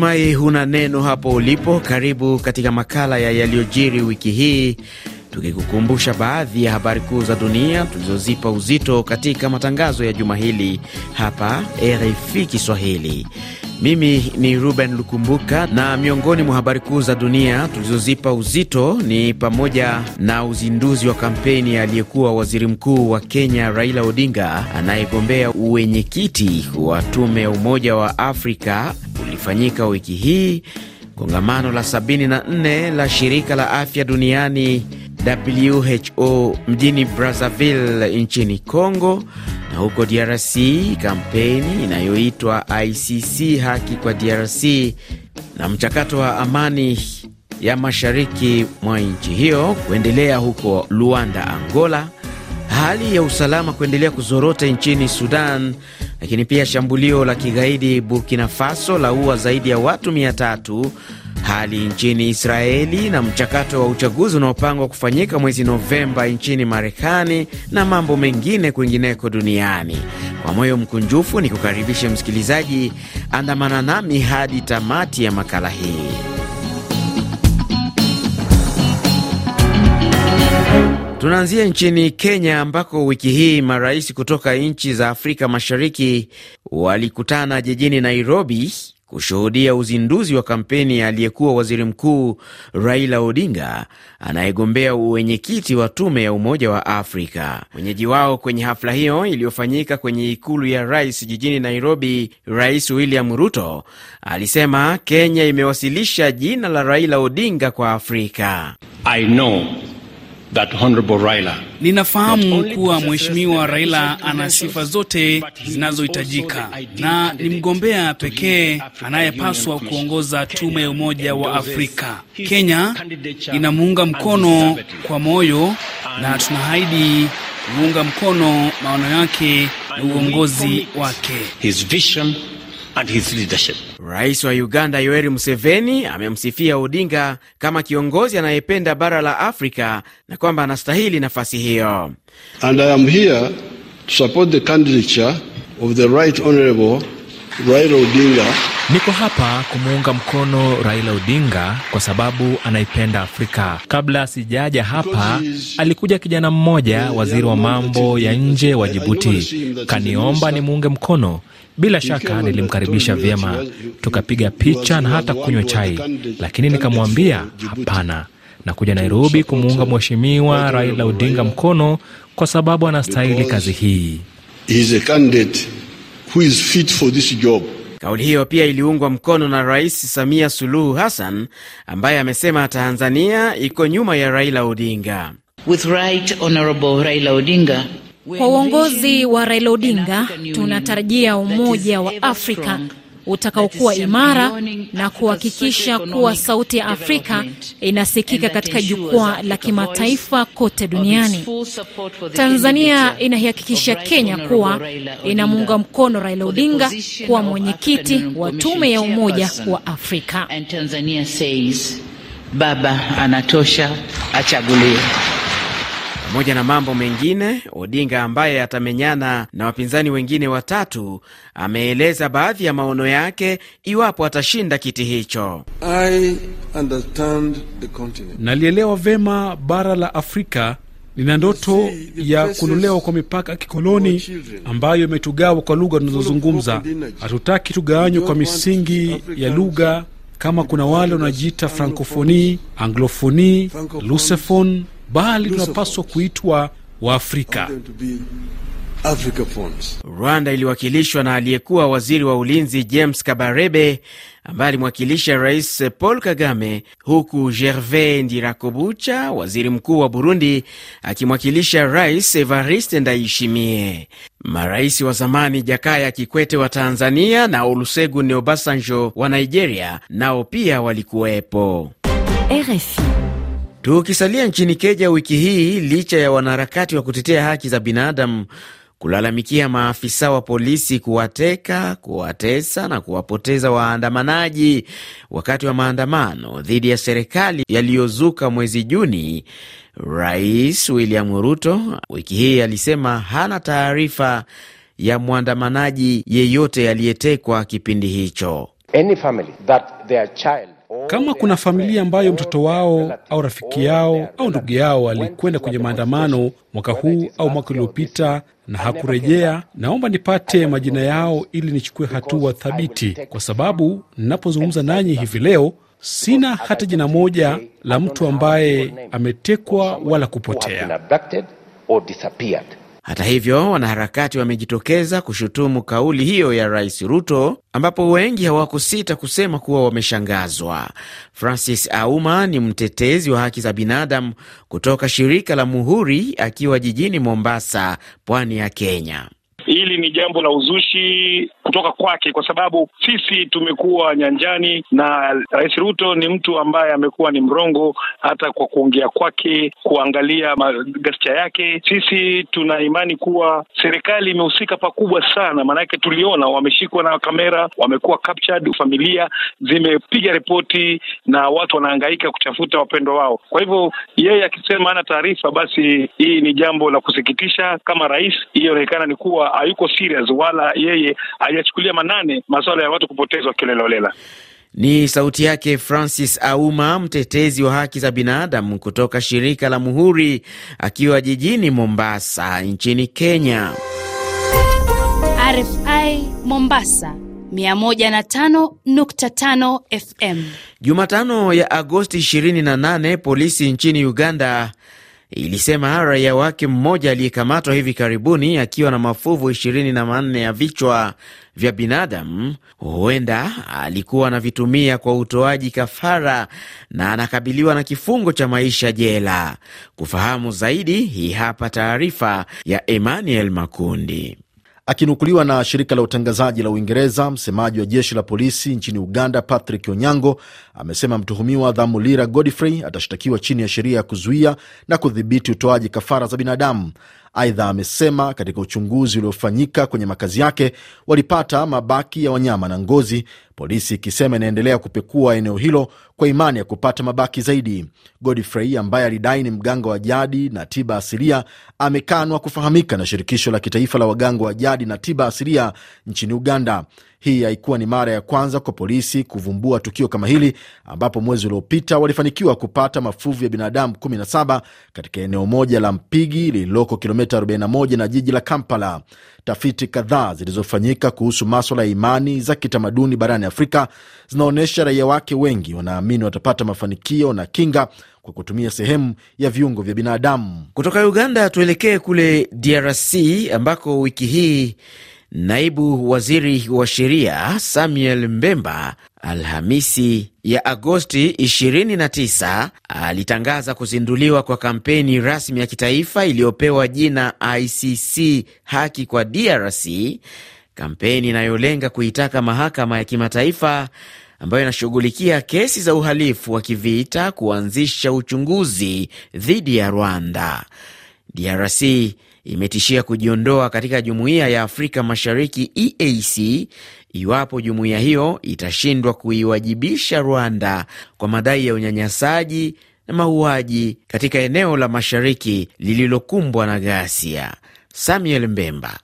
Natumai huna neno hapo ulipo. Karibu katika makala ya yaliyojiri wiki hii, tukikukumbusha baadhi ya habari kuu za dunia tulizozipa uzito katika matangazo ya juma hili hapa RFI Kiswahili. Mimi ni Ruben Lukumbuka, na miongoni mwa habari kuu za dunia tulizozipa uzito ni pamoja na uzinduzi wa kampeni aliyekuwa waziri mkuu wa Kenya Raila Odinga anayegombea uwenyekiti wa tume ya Umoja wa Afrika lilifanyika wiki hii kongamano la 74 la shirika la afya duniani WHO mjini Brazzaville nchini Congo, na huko DRC kampeni inayoitwa ICC haki kwa DRC na mchakato wa amani ya mashariki mwa nchi hiyo kuendelea huko Luanda, Angola Hali ya usalama kuendelea kuzorota nchini Sudan, lakini pia shambulio la kigaidi Burkina Faso la ua zaidi ya watu mia tatu, hali nchini Israeli na mchakato wa uchaguzi unaopangwa kufanyika mwezi Novemba nchini Marekani na mambo mengine kwingineko duniani. Kwa moyo mkunjufu ni kukaribisha msikilizaji, andamana nami hadi tamati ya makala hii. Tunaanzia nchini Kenya ambako wiki hii marais kutoka nchi za Afrika Mashariki walikutana jijini Nairobi kushuhudia uzinduzi wa kampeni ya aliyekuwa waziri mkuu Raila Odinga anayegombea uwenyekiti wa tume ya Umoja wa Afrika. Mwenyeji wao kwenye hafla hiyo iliyofanyika kwenye ikulu ya rais jijini Nairobi, Rais William Ruto alisema Kenya imewasilisha jina la Raila Odinga kwa Afrika. I know. That Honorable Raila. Ninafahamu kuwa Mheshimiwa Raila ana sifa zote zinazohitajika na ni mgombea pekee anayepaswa kuongoza tume ya Umoja wa Afrika. Kenya inamuunga mkono kwa moyo na tunahaidi kuunga mkono maono yake na uongozi wake. His vision and his leadership. Rais wa Uganda Yoweri Museveni amemsifia Odinga kama kiongozi anayependa bara la Afrika na kwamba anastahili nafasi hiyo. And I am here to support the candidature of the right honorable Raila Odinga. Niko hapa kumuunga mkono Raila Odinga kwa sababu anaipenda Afrika. Kabla sijaja hapa, alikuja kijana mmoja, waziri wa mambo ya nje wa Jibuti, kaniomba nimuunge mkono bila shaka nilimkaribisha vyema, tukapiga picha na hata kunywa chai, lakini nikamwambia hapana, nakuja Nairobi kumuunga mheshimiwa Raila Odinga mkono kwa sababu anastahili kazi hii. Kauli hiyo pia iliungwa mkono na Rais Samia Suluhu Hassan ambaye amesema Tanzania iko nyuma ya Raila Odinga. With right honorable Raila Odinga kwa uongozi wa Raila Odinga, tunatarajia umoja wa Afrika utakaokuwa imara na kuhakikisha kuwa sauti ya Afrika inasikika katika jukwaa la kimataifa kote duniani. Tanzania inaihakikisha Kenya kuwa inamuunga mkono Raila Odinga kuwa mwenyekiti wa tume ya umoja wa Afrika. Baba anatosha, achaguliwe. Pamoja na mambo mengine, Odinga ambaye atamenyana na wapinzani wengine watatu, ameeleza baadhi ya maono yake iwapo atashinda kiti hicho. Nalielewa vema bara la Afrika lina ndoto ya kuondolewa kwa mipaka ya kikoloni ambayo imetugawa kwa lugha tunazozungumza. Hatutaki tugawanywe kwa misingi ya lugha, kama kuna wale wanajiita frankofoni, anglofoni, lusefoni bali tunapaswa kuitwa Waafrika. Rwanda iliwakilishwa na aliyekuwa waziri wa ulinzi James Kabarebe ambaye alimwakilisha Rais Paul Kagame, huku Gervais Ndirakobucha, waziri mkuu wa Burundi, akimwakilisha Rais Evariste Ndayishimiye. Marais wa zamani Jakaya Kikwete wa Tanzania na Olusegun Obasanjo wa Nigeria nao pia walikuwepo. RFI. Tukisalia nchini Kenya wiki hii, licha ya wanaharakati wa kutetea haki za binadamu kulalamikia maafisa wa polisi kuwateka, kuwatesa na kuwapoteza waandamanaji wakati wa maandamano dhidi ya serikali yaliyozuka mwezi Juni, Rais William Ruto wiki hii alisema hana taarifa ya mwandamanaji yeyote aliyetekwa kipindi hicho. Any family that their child kama kuna familia ambayo mtoto wao au rafiki yao au ndugu yao alikwenda kwenye maandamano mwaka huu au mwaka uliopita na hakurejea, naomba nipate majina yao ili nichukue hatua thabiti, kwa sababu ninapozungumza nanyi hivi leo sina hata jina moja la mtu ambaye ametekwa wala kupotea. Hata hivyo, wanaharakati wamejitokeza kushutumu kauli hiyo ya Rais Ruto, ambapo wengi hawakusita kusema kuwa wameshangazwa. Francis Auma ni mtetezi wa haki za binadamu kutoka shirika la Muhuri, akiwa jijini Mombasa, pwani ya Kenya. Hili ni jambo la uzushi kutoka kwake, kwa sababu sisi tumekuwa nyanjani na Rais Ruto ni mtu ambaye amekuwa ni mrongo, hata kwa kuongea kwake, kuangalia ghasia yake. Sisi tuna imani kuwa serikali imehusika pakubwa sana, maanake tuliona wameshikwa na kamera, wamekuwa captured, familia zimepiga ripoti na watu wanahangaika kutafuta wapendwa wao. Kwa hivyo yeye akisema ana taarifa, basi hii ni jambo la kusikitisha. Kama rais, hiyo inaonekana ni kuwa hayuko serious wala yeye hajachukulia manane masuala ya watu kupotezwa kiolelaolela. Ni sauti yake Francis Auma, mtetezi wa haki za binadamu kutoka shirika la Muhuri, akiwa jijini Mombasa nchini Kenya. RFI Mombasa 105.5 FM. Jumatano ya Agosti 28 polisi nchini Uganda ilisema raia wake mmoja aliyekamatwa hivi karibuni akiwa na mafuvu 24 ya vichwa vya binadamu huenda alikuwa anavitumia kwa utoaji kafara na anakabiliwa na kifungo cha maisha jela. Kufahamu zaidi, hii hapa taarifa ya Emmanuel Makundi. Akinukuliwa na shirika la utangazaji la Uingereza, msemaji wa jeshi la polisi nchini Uganda, Patrick Onyango, amesema mtuhumiwa Dhamulira Godfrey atashtakiwa chini ya sheria ya kuzuia na kudhibiti utoaji kafara za binadamu. Aidha, amesema katika uchunguzi uliofanyika kwenye makazi yake walipata mabaki ya wanyama na ngozi polisi ikisema inaendelea kupekua eneo hilo kwa imani ya kupata mabaki zaidi. Godfrey ambaye alidai ni mganga wa jadi na tiba asilia amekanwa kufahamika na shirikisho la kitaifa la waganga wa jadi na tiba asilia nchini Uganda. Hii haikuwa ni mara ya kwanza kwa polisi kuvumbua tukio kama hili, ambapo mwezi uliopita walifanikiwa kupata mafuvu ya binadamu 17 katika eneo moja la Mpigi lililoko kilomita 41 na jiji la Kampala. Tafiti kadhaa zilizofanyika kuhusu maswala ya imani za kitamaduni barani Afrika zinaonyesha raia wake wengi wanaamini watapata mafanikio na kinga kwa kutumia sehemu ya viungo vya binadamu. Kutoka Uganda tuelekee kule DRC ambako wiki hii naibu waziri wa sheria Samuel Mbemba Alhamisi ya Agosti 29 alitangaza kuzinduliwa kwa kampeni rasmi ya kitaifa iliyopewa jina ICC haki kwa DRC, kampeni inayolenga kuitaka mahakama ya kimataifa ambayo inashughulikia kesi za uhalifu wa kivita kuanzisha uchunguzi dhidi ya Rwanda. DRC imetishia kujiondoa katika jumuiya ya Afrika Mashariki EAC iwapo jumuiya hiyo itashindwa kuiwajibisha Rwanda kwa madai ya unyanyasaji na mauaji katika eneo la mashariki lililokumbwa na ghasia. Samuel Mbemba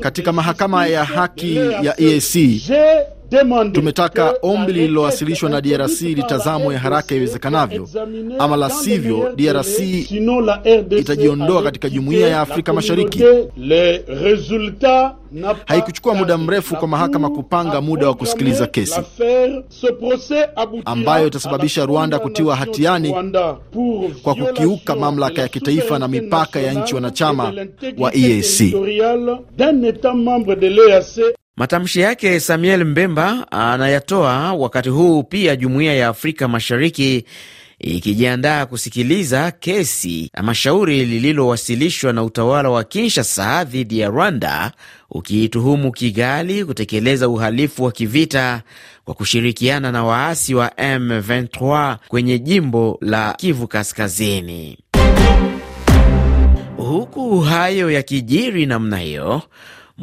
katika mahakama ya haki ya EAC Tumetaka ombi lililowasilishwa na DRC litazamwe haraka iwezekanavyo, ama la sivyo DRC itajiondoa katika jumuiya ya Afrika Mashariki. Haikuchukua muda mrefu kwa mahakama kupanga muda wa kusikiliza kesi ambayo itasababisha Rwanda kutiwa hatiani kwa kukiuka mamlaka ya kitaifa na mipaka ya nchi wanachama wa EAC. Matamshi yake Samuel Mbemba anayatoa wakati huu pia jumuiya ya Afrika Mashariki ikijiandaa kusikiliza kesi ama shauri lililowasilishwa na utawala wa Kinshasa dhidi ya Rwanda ukiituhumu Kigali kutekeleza uhalifu wa kivita kwa kushirikiana na waasi wa M23 kwenye jimbo la Kivu Kaskazini. Huku hayo yakijiri namna hiyo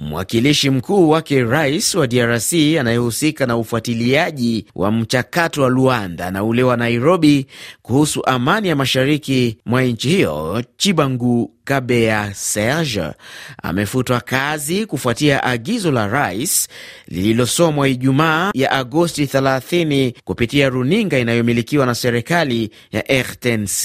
Mwakilishi mkuu wake rais wa DRC anayehusika na ufuatiliaji wa mchakato wa Luanda na ule wa Nairobi kuhusu amani ya mashariki mwa nchi hiyo, Chibangu Kabea Serge amefutwa kazi kufuatia agizo la rais lililosomwa Ijumaa ya Agosti 30 kupitia runinga inayomilikiwa na serikali ya RTNC.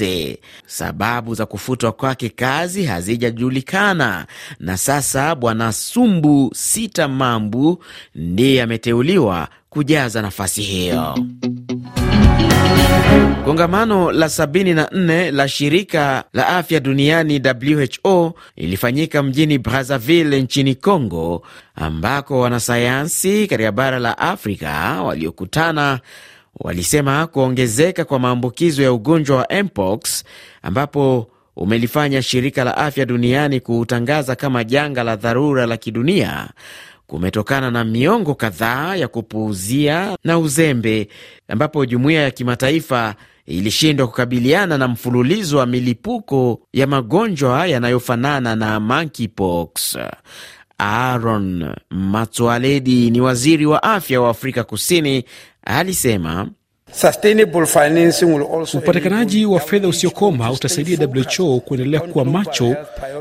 Sababu za kufutwa kwake kazi hazijajulikana, na sasa Bwana Sumbu Sita Mambu ndiye ameteuliwa kujaza nafasi hiyo. Kongamano la 74 la shirika la afya duniani WHO lilifanyika mjini Brazzaville nchini Congo, ambako wanasayansi katika bara la Afrika waliokutana walisema kuongezeka kwa maambukizo ya ugonjwa wa mpox ambapo umelifanya shirika la afya duniani kuutangaza kama janga la dharura la kidunia kumetokana na miongo kadhaa ya kupuuzia na uzembe, ambapo jumuiya ya kimataifa ilishindwa kukabiliana na mfululizo wa milipuko ya magonjwa yanayofanana na monkeypox. Aaron Matsoaledi ni waziri wa afya wa Afrika Kusini, alisema Upatikanaji wa fedha usiokoma utasaidia WHO kuendelea kuwa macho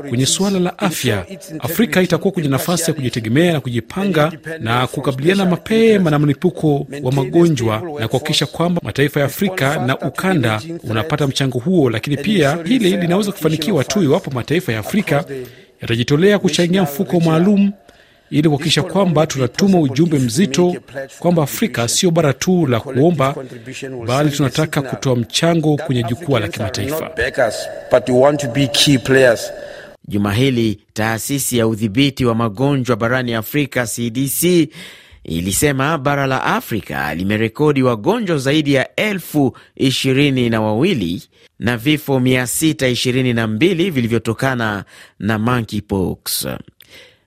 kwenye suala la afya. Afrika itakuwa kwenye nafasi ya kujitegemea na kujipanga na kukabiliana mapema na mlipuko wa magonjwa na kuhakikisha kwamba mataifa ya Afrika na ukanda unapata mchango huo. Lakini pia hili linaweza kufanikiwa tu iwapo mataifa ya Afrika yatajitolea kuchangia mfuko maalum ili kuhakikisha kwamba tunatuma ujumbe mzito kwamba Afrika sio bara tu la kuomba, bali tunataka kutoa mchango kwenye jukwaa la kimataifa. Juma hili taasisi ya udhibiti wa magonjwa barani Afrika CDC ilisema bara la Afrika limerekodi wagonjwa zaidi ya elfu ishirini na wawili na vifo 622 vilivyotokana na monkeypox.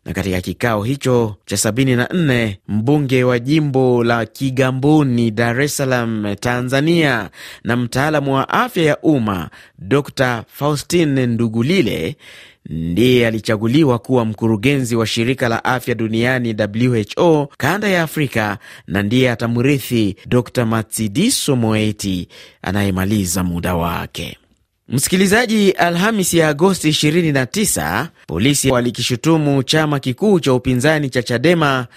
Na katika kikao hicho cha 74 mbunge wa jimbo la Kigamboni, Dar es Salaam, Tanzania, na mtaalamu wa afya ya umma Dr Faustine Ndugulile ndiye alichaguliwa kuwa mkurugenzi wa shirika la afya duniani WHO kanda ya Afrika, na ndiye atamrithi Dr Matsidiso Moeti anayemaliza muda wake. Msikilizaji, Alhamis ya Agosti 29 polisi walikishutumu chama kikuu cha upinzani cha Chadema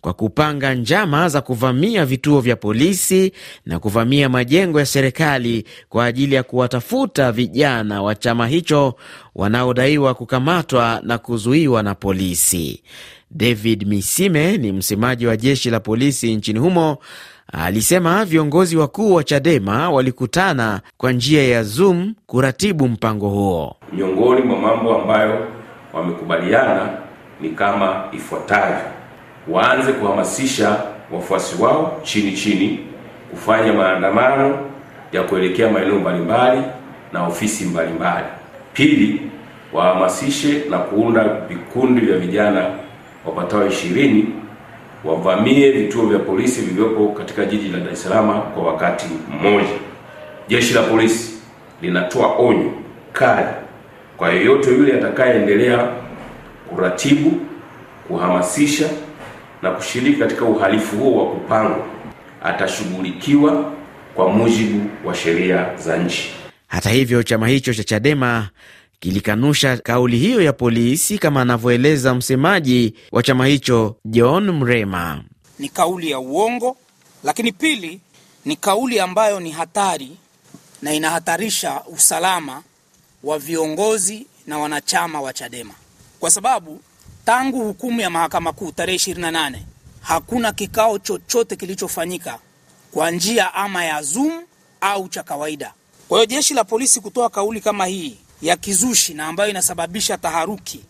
kwa kupanga njama za kuvamia vituo vya polisi na kuvamia majengo ya serikali kwa ajili ya kuwatafuta vijana wa chama hicho wanaodaiwa kukamatwa na kuzuiwa na polisi. David Misime ni msemaji wa jeshi la polisi nchini humo Alisema viongozi wakuu wa Chadema walikutana kwa njia ya Zoom kuratibu mpango huo. Miongoni mwa mambo ambayo wamekubaliana ni kama ifuatavyo: waanze kuhamasisha wafuasi wao chini chini kufanya maandamano ya kuelekea maeneo mbalimbali na ofisi mbalimbali. Pili, wahamasishe na kuunda vikundi vya vijana wapatao ishirini wavamie vituo vya polisi vilivyopo katika jiji la Dar es Salaam kwa wakati mmoja. Jeshi la polisi linatoa onyo kali kwa yeyote yule atakayeendelea kuratibu, kuhamasisha na kushiriki katika uhalifu huo wa kupangwa atashughulikiwa kwa mujibu wa sheria za nchi. Hata hivyo, chama hicho cha Chadema kilikanusha kauli hiyo ya polisi, kama anavyoeleza msemaji wa chama hicho John Mrema. Ni kauli ya uongo, lakini pili, ni kauli ambayo ni hatari na inahatarisha usalama wa viongozi na wanachama wa Chadema kwa sababu tangu hukumu ya mahakama kuu tarehe 28 hakuna kikao chochote kilichofanyika kwa njia ama ya Zoom au cha kawaida. Kwa hiyo jeshi la polisi kutoa kauli kama hii ya kizushi na ambayo inasababisha taharuki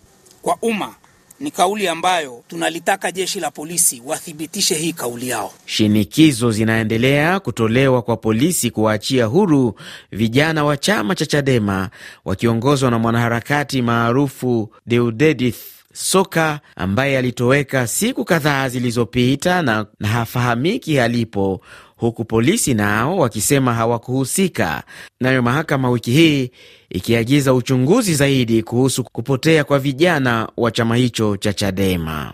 kwa umma ni kauli ambayo tunalitaka jeshi la polisi wathibitishe hii kauli yao. Shinikizo zinaendelea kutolewa kwa polisi kuwaachia huru vijana wa chama cha Chadema wakiongozwa na mwanaharakati maarufu Deudedith soka ambaye alitoweka siku kadhaa zilizopita na, na hafahamiki alipo, huku polisi nao wakisema hawakuhusika. Nayo mahakama wiki hii ikiagiza uchunguzi zaidi kuhusu kupotea kwa vijana wa chama hicho cha Chadema.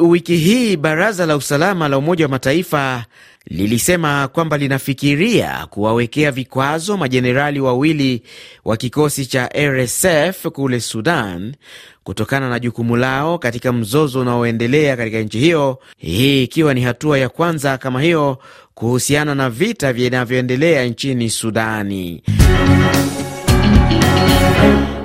Wiki hii baraza la usalama la Umoja wa Mataifa lilisema kwamba linafikiria kuwawekea vikwazo majenerali wawili wa kikosi cha RSF kule Sudan kutokana na jukumu lao katika mzozo unaoendelea katika nchi hiyo, hii ikiwa ni hatua ya kwanza kama hiyo kuhusiana na vita vinavyoendelea nchini Sudani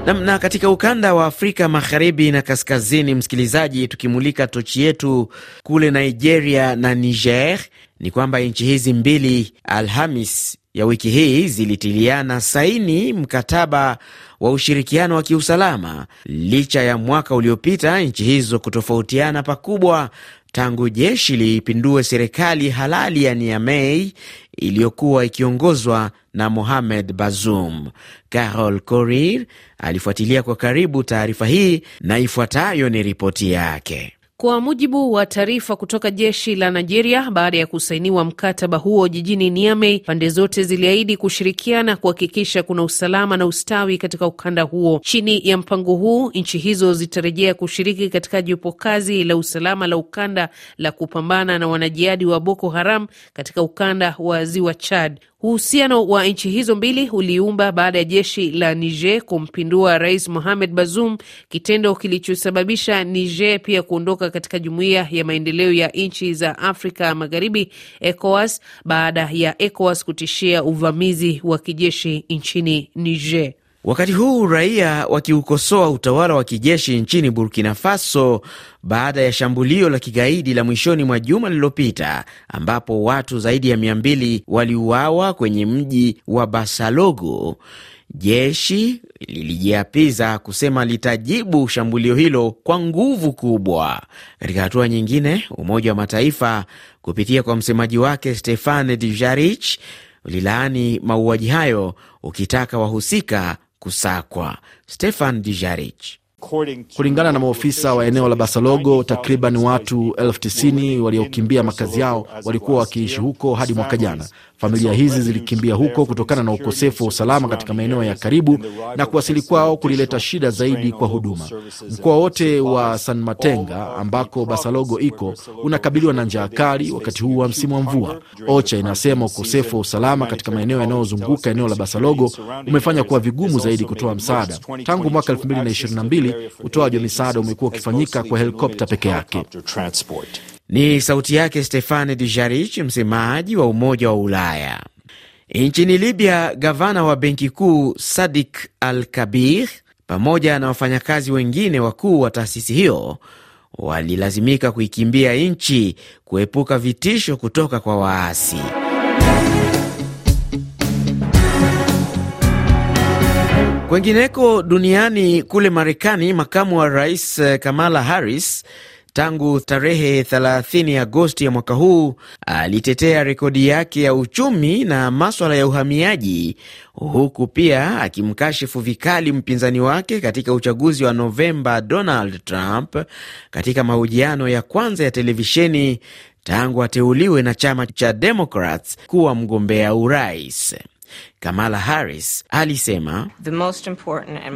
na katika ukanda wa Afrika magharibi na kaskazini, msikilizaji, tukimulika tochi yetu kule Nigeria na Niger, ni kwamba nchi hizi mbili Alhamis ya wiki hii zilitiliana saini mkataba wa ushirikiano wa kiusalama licha ya mwaka uliopita nchi hizo kutofautiana pakubwa tangu jeshi liipindue serikali halali ya Niamey iliyokuwa ikiongozwa na Mohamed Bazoum. Carol Korir alifuatilia kwa karibu taarifa hii na ifuatayo ni ripoti yake. Kwa mujibu wa taarifa kutoka jeshi la Nigeria, baada ya kusainiwa mkataba huo jijini Niamey, pande zote ziliahidi kushirikiana kuhakikisha kuna usalama na ustawi katika ukanda huo. Chini ya mpango huu, nchi hizo zitarejea kushiriki katika jopo kazi la usalama la ukanda la kupambana na wanajihadi wa Boko Haram katika ukanda wa ziwa Chad. Uhusiano wa nchi hizo mbili uliumba baada ya jeshi la Niger kumpindua Rais Mohamed Bazoum, kitendo kilichosababisha Niger pia kuondoka katika Jumuiya ya Maendeleo ya Nchi za Afrika Magharibi, ECOWAS, baada ya ECOWAS kutishia uvamizi wa kijeshi nchini Niger. Wakati huu raia wakiukosoa utawala wa kijeshi nchini Burkina Faso baada ya shambulio la kigaidi la mwishoni mwa juma lililopita, ambapo watu zaidi ya 20 waliuawa kwenye mji wa Basalogo. Jeshi lilijiapiza kusema litajibu shambulio hilo kwa nguvu kubwa. Katika hatua nyingine, Umoja wa Mataifa kupitia kwa msemaji wake Stefane Dujarric ulilaani mauaji hayo ukitaka wahusika kusakwa. Stefan Dijarich. Kulingana na maofisa wa eneo la Basalogo, takriban watu elfu tisini waliokimbia makazi yao walikuwa wakiishi huko hadi mwaka jana. Familia hizi zilikimbia huko kutokana na ukosefu wa usalama katika maeneo ya karibu, na kuwasili kwao kulileta shida zaidi kwa huduma. Mkoa wote wa San Matenga ambako Basalogo iko unakabiliwa na njaa kali wakati huu wa msimu wa mvua. OCHA inasema ukosefu wa usalama katika maeneo yanayozunguka eneo la Basalogo umefanya kuwa vigumu zaidi kutoa msaada. Tangu mwaka 2022 utoaji wa misaada umekuwa ukifanyika kwa helikopta peke yake. Ni sauti yake Stefane Dujarric, msemaji wa Umoja wa Ulaya. Nchini Libya, gavana wa benki kuu Sadik Al Kabir pamoja na wafanyakazi wengine wakuu wa taasisi hiyo walilazimika kuikimbia nchi kuepuka vitisho kutoka kwa waasi. Kwengineko duniani, kule Marekani, makamu wa rais eh, Kamala Harris tangu tarehe 30 Agosti ya mwaka huu alitetea rekodi yake ya uchumi na maswala ya uhamiaji, huku pia akimkashifu vikali mpinzani wake katika uchaguzi wa Novemba, Donald Trump, katika mahojiano ya kwanza ya televisheni tangu ateuliwe na chama cha Democrats kuwa mgombea urais. Kamala Harris alisema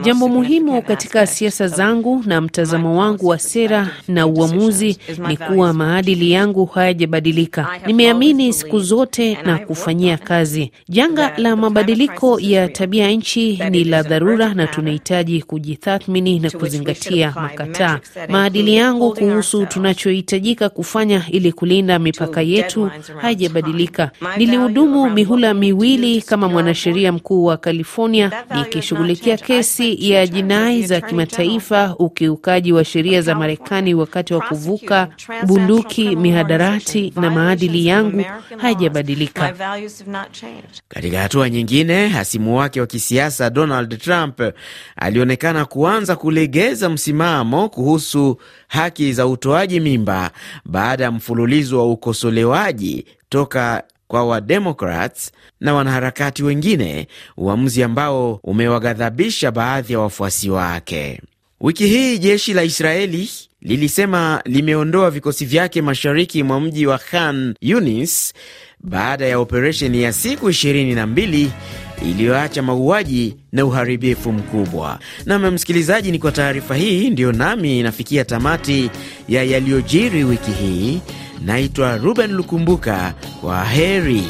jambo muhimu katika siasa zangu na mtazamo wangu wa sera na uamuzi ni kuwa maadili yangu hayajabadilika. Nimeamini siku zote na kufanyia kazi. Janga la mabadiliko ya tabia nchi ni la dharura, na tunahitaji kujitathmini na kuzingatia makataa. Maadili yangu kuhusu tunachohitajika kufanya ili kulinda mipaka yetu hayajabadilika Nilihudumu mihula miwili kama mwana mwanasheria mkuu wa California ikishughulikia kesi ya jinai za kimataifa, ukiukaji wa sheria za Marekani wakati wa kuvuka, bunduki, mihadarati na maadili yangu haijabadilika Katika hatua nyingine, hasimu wake wa kisiasa Donald Trump alionekana kuanza kulegeza msimamo kuhusu haki za utoaji mimba baada ya mfululizo wa ukosolewaji toka kwa Wademokrats na wanaharakati wengine, uamuzi ambao umewaghadhabisha baadhi ya wafuasi wake. Wiki hii jeshi la Israeli lilisema limeondoa vikosi vyake mashariki mwa mji wa Khan Yunis baada ya operesheni ya siku 22 iliyoacha mauaji na uharibifu mkubwa. Nam msikilizaji, ni kwa taarifa hii ndiyo nami inafikia tamati ya yaliyojiri wiki hii. Naitwa Ruben Lukumbuka, kwa heri.